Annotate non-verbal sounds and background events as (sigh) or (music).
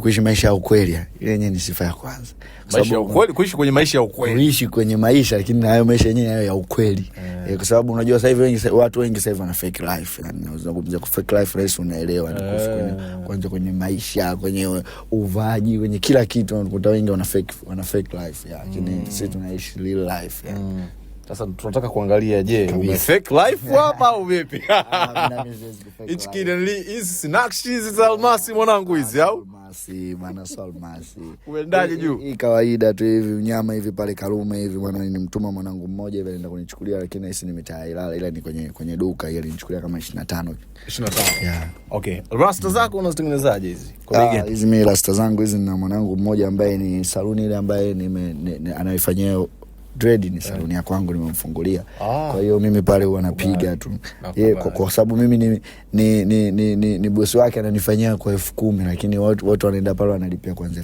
kuishi maisha ya ukweli, ile yenyewe ni sifa ya kwanza, maisha ya ukweli, kuishi kwenye maisha ya ukweli, kuishi kwenye maisha, lakini na hayo maisha yenyewe hayo ya ukweli yeah. Eh, kwa sababu unajua sasa hivi wengi, watu wengi sasa hivi wana fake life, yani unazungumzia kwa fake life rais unaelewa yeah. Kwenye eh. kwanza kwenye maisha, kwenye uvaji, kwenye kila kitu unakuta wengi wana fake, wana fake life ya Lakini mm. sisi tunaishi real life ya mm. Sasa tunataka kuangalia, je, ume fake life (laughs) hapa au vipi? Ah, hizi nakshi hizi za almasi mwanangu hizi au masi bwana, sol masi Umeendaje juu? Hii kawaida tu hivi mnyama hivi pale Karume hivi bwana, nilimtuma mwanangu mmoja hivi anaenda kunichukulia, lakini hisi nimetailala, ila ni kwenye kwenye duka, ile alinichukulia kama 25 25. Yeah. Okay. Rasta zako unazitengenezaje hizi? Kwa hiyo ah, hizi mi rasta zangu hizi na mwanangu mmoja ambaye ni saluni ile ambaye anayefanyia dread ni eh. saluni ya kwangu nimemfungulia. Ah. Kwa hiyo mimi pale huwa napiga tu kwa, sababu mimi ni, ni, ni, ni, ni, ni bosi wake ananifanyia kwa elfu kumi lakini watu, watu wanaenda pale wanalipia kwanzia